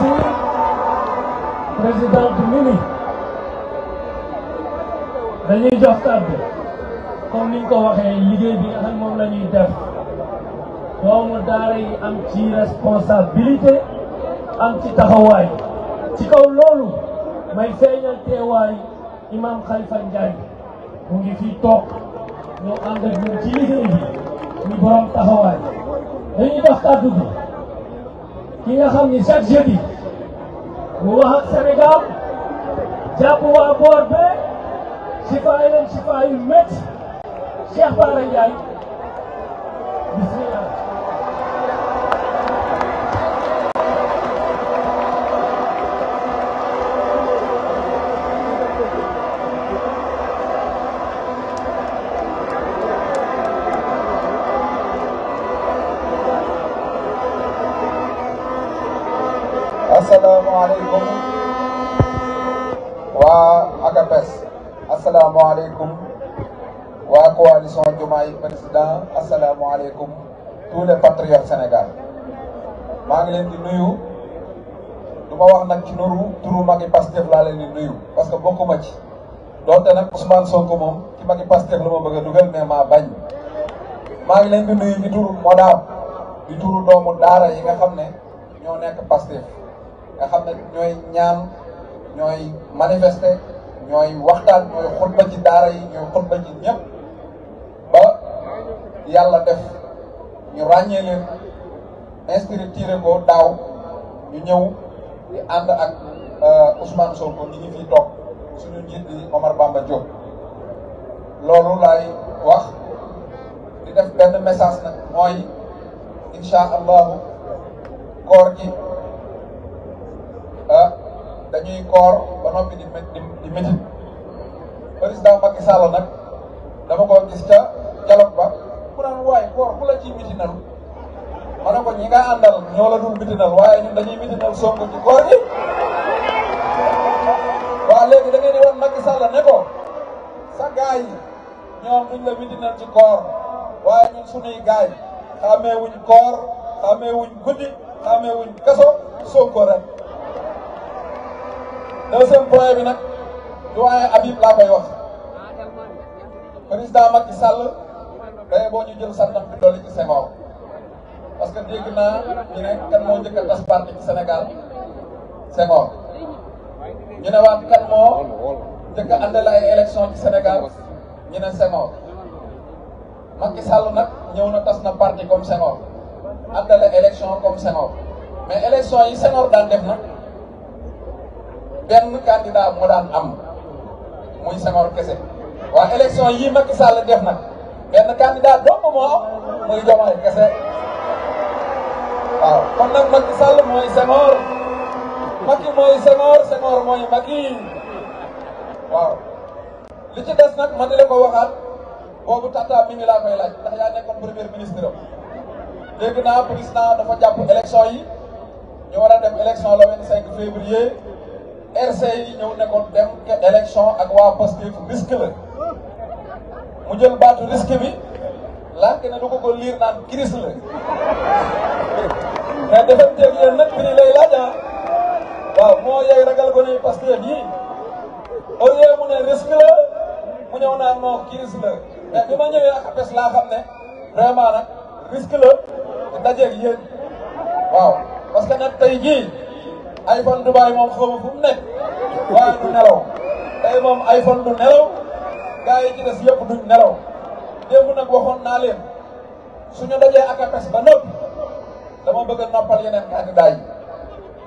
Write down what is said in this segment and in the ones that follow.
Sy présidente Mimi dañuy jox kàddu comme niñ ko waxee liggéey bi nga xam moom la ñuy def doomu daara am ci responsabilité am ci taxawaay ci kaw loolu may feeñal teewaay imam Khalifa Ndiaye mu ngi fii toog ñu ànd ak ci liggéey bi ñu borom taxawaay ki nga xam ni chaque jeudi mu wax ak Sénégal jàpp waa boor be ci faay leen ci faay yu métti Cheikh Bara asalaamaaleykum waa Agapes asalaamaaleykum waa coalition Diomaye président asalaamaaleykum tous les patriotes Sénégal maa ngi leen di nuyu du wax nag ci nuru turu magi Pastef laa leen di nuyu parce que bokkuma ci doonte nag Ousmane Sonko moom ci magi Pastef la ma bëgg a dugal mais maa bañ maa ngi leen di nuyu ci turu Modab di turu doomu daara yi nga xam ne ñoo nekk Pastef nga xam ne ñooy ñaan ñooy manifester ñooy waxtaan ñooy xutba ci daara yi ñooy xutba ci ñëpp ba yàlla def ñu ràññee leen inspiré tiré daaw ñu ñëw di ànd ak euh, Ousmane Sonko ñi ngi fi toog suñu njiit bi Omar Bamba Diop loolu laay wax di def benn message nag mooy incha allahu koor gi dañuy koor ba noppi di di métti président Macky nag dama ko gis ca dialogue ba mu naan waaye koor ku la ciy mitinal ma ko ñi nga àndal ñoo la dul mitinal waaye ñun dañuy mitinal Sonko ci koor gi waaw léegi da ngeen di wan ne ko sa gaay ñoom duñ la mitinal ci koor waaye ñun suñuy gaay xamee wuñ koor xamee wuñ guddi xamee wuñ kaso Sonko rek deuxième point bi nag doyen Habib laa koy wax président Macky ñu jël sànnam ci Senghor parce que dégg naa ñu ne kan moo njëkk a tas parti ci Sénégal Senghor ñu ne waat kan moo njëkk a ay élection ci Sénégal ñu ne Senghor Macky Sall nag ñëw na tas na parti comme Senghor àndale élection comme Senghor mais élection yi Senghor daan def nag. benn candidat moo daan am muy Senghor kese waaye élection yii Macky Sall def na benn candidat dong moo am muy Diomaye kese waaw kon nag Macky Sall mooy Senghor Macky mooy Senghor Senghor mooy Macky waaw li ci des nag ma di la ko waxaat boobu tata mi ngi laa koy laaj ndax yaa nekkoon premier ministre am dégg naa président dafa jàpp élection yi ñu war a dem élection le 25 février RCI ñëw nekkoon dem élection ak waa Pastef risque la mu jël baatu risque bi lànk ne du ko ko liir naan crise la mais defanteeg yéen nag bi ni laaja ah. waaw moo yay ragal ko ne Pastef yi au lieu mu ne risque la mu ñëw naan non crise la mais bi ma ñëwee ak APES laa xam ne vraiment nag risque la dajeeg waaw parce que nag jii iPhone Dubaay moom xaw ma nekk waaye du nelaw tey moom iPhone du nelaw gars yi ci des yëpp duñ nelaw démb nag waxoon naa leen suñu dajee ak APEX ba noppi dama bëgg a noppal yeneen candidat yi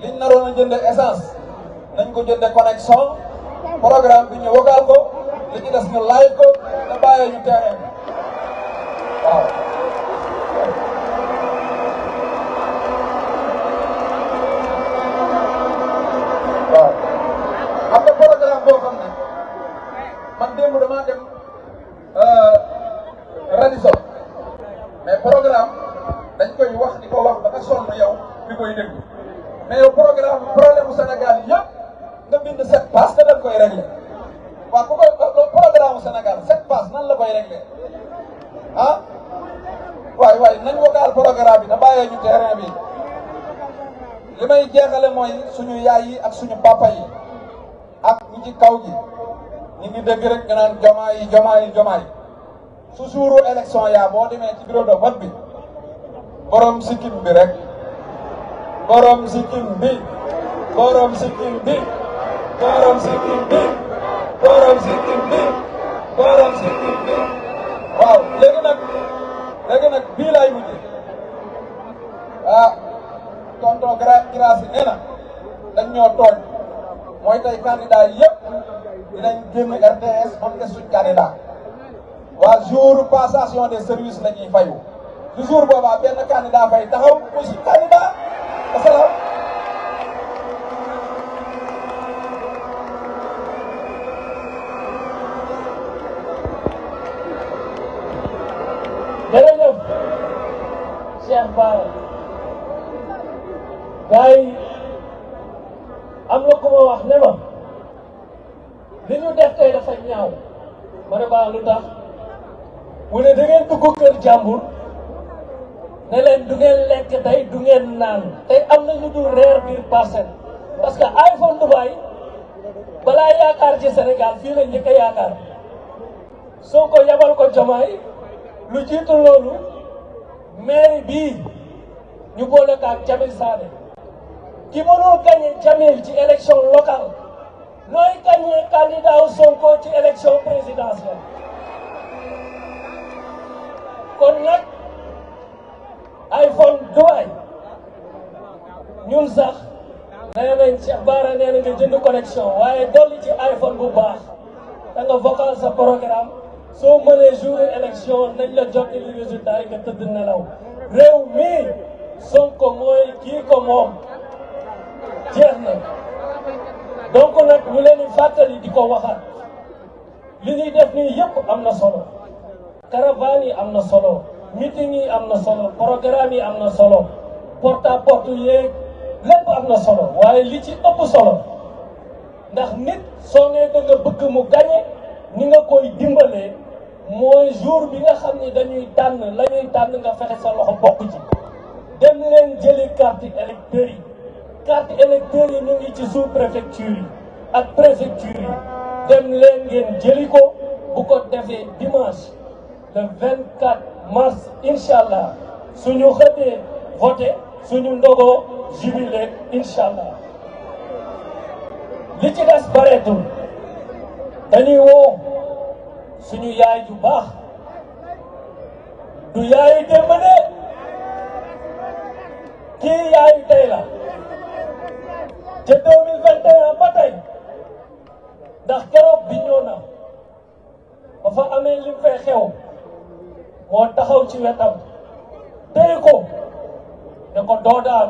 liñ naroon a jënde essence nañ ko jënde connexion programme bi ñu wogaal ko li ci des ñu laaj ko te bàyyee ñu terrain démb damaa dem euh, Radisson mais program dañ koy wax di ko wax ba nga sonn yow di koy déglu mais yow programme problème mu Sénégal nga bind sept pass te dañ koy réglé waaw ku koy euh, euh, programme mu Sénégal sept nan la koy réglé ah waay waay nañ ko gaal programme bi da bàyyee ñu terrain bi li may jeexale mooy suñu yaay ak suñu papa yi ak ñi ci gi. ñu ngi dégg rek nga naan Diomaye Diomaye Diomaye su suuru élection yaa boo demee ci bureau de vote bi borom sikkim bi rek borom sikkim bi borom sikkim bi borom sikkim bi borom sikkim bi borom sikkim bi waaw léegi ah, tonton Gra Grace nee ñoo tooñ. mooy tey candidat yëpp dinañ génn RTS ba mu des suñ candidat waa jour passation des services la ñuy fayu du benn candidat fay taxaw muy suñ candidat am na ku ma wax ne ma li ñu def tey dafa ñaaw ma ne baax ah, lu tax mu ne da ngeen dugg kër jàmbur ne leen du ngeen lekk tey du ngeen naan tey am na ñu dul reer biir parcelle parce que iPhone Dubaï balaa yaakaar ci Sénégal fii la njëkk yaakaar soo ko yabal ko jamaay lu jiitu loolu mairie bii ñu boole kaak Jamil Sané ki mënul gagné Jamil ci élection locale nooy gagné candidat wu Sonko ci élection présidentielle kon nag iPhone du ay ñun sax nee nañ Cheikh Bara nee nañu jënd connexion waaye dolli ci iPhone bu baax da vocal sa programme soo mënee jour élection nañ la jot li résultat yi nga tëdd nelaw réew mi Sonko mooy kii ko moom donc nag ñu leen di fàttali di ko waxaat li ñuy def nii yëpp am na solo caravane yi am na solo meeting yi am na solo programme yi am na solo porte à porte lépp am na solo waaye li ci ëpp solo ndax nit soo nee da nga bëgg mu gañe ni nga koy dimbalee mooy jour bi nga xam ni dañuy tànn la ñuy tànn nga fexe sa loxo bokk ci dem leen jëli carte électeur yi carte électeur yi ñu ci sous préfecture ak préfecture yi dem leen ngeen jëli bu ko defee dimanche le mars incha allah suñu xëtee voté suñu ndogoo jubilé incha allah li ci des bareetul dañuy woo suñu yaay ju baax du yaayu démb de kii yaayu tey la te 2021 ba tey ndax keroog bi ñëw na ba fa amee lim fay xew taxaw ci wetam téye ko ne ko